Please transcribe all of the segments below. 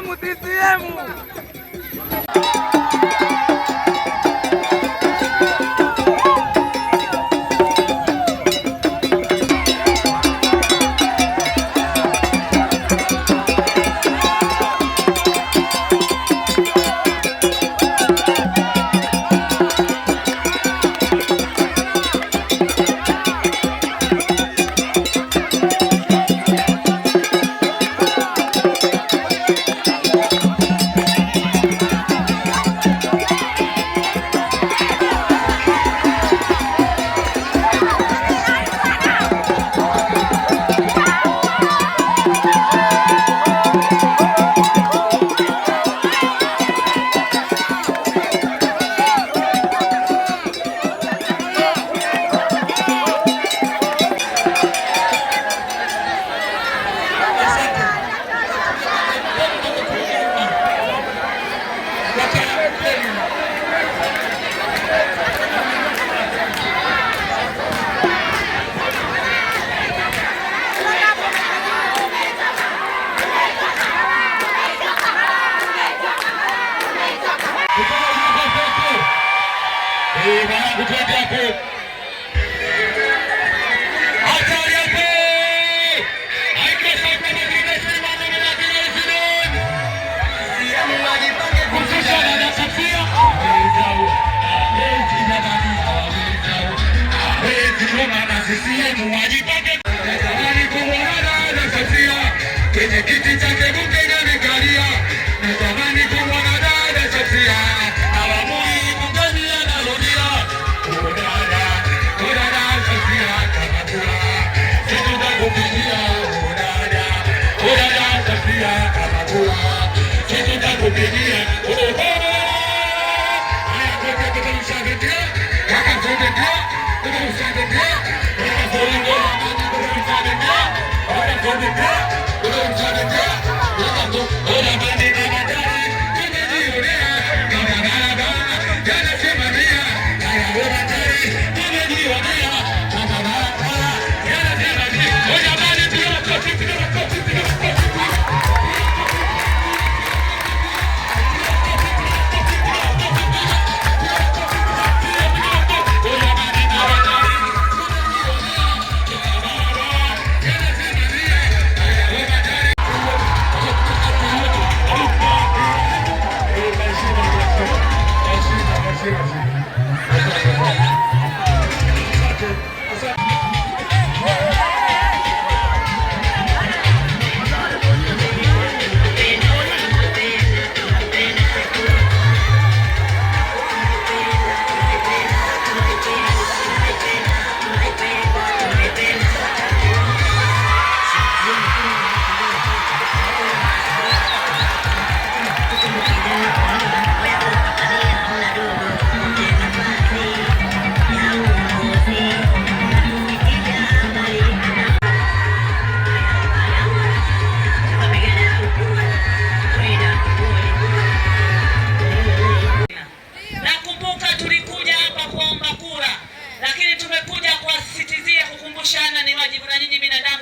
amo, dizemos! We can't back here. Obedience. 啊，日本人，你们来当。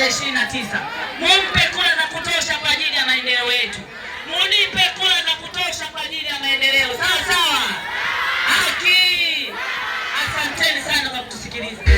tarehe 29. Mumpe kura za kutosha kwa ajili ya maendeleo yetu, munipe kura za kutosha kwa ajili ya maendeleo. Sawa sawa, haki. Asanteni sana kwa kutusikiliza.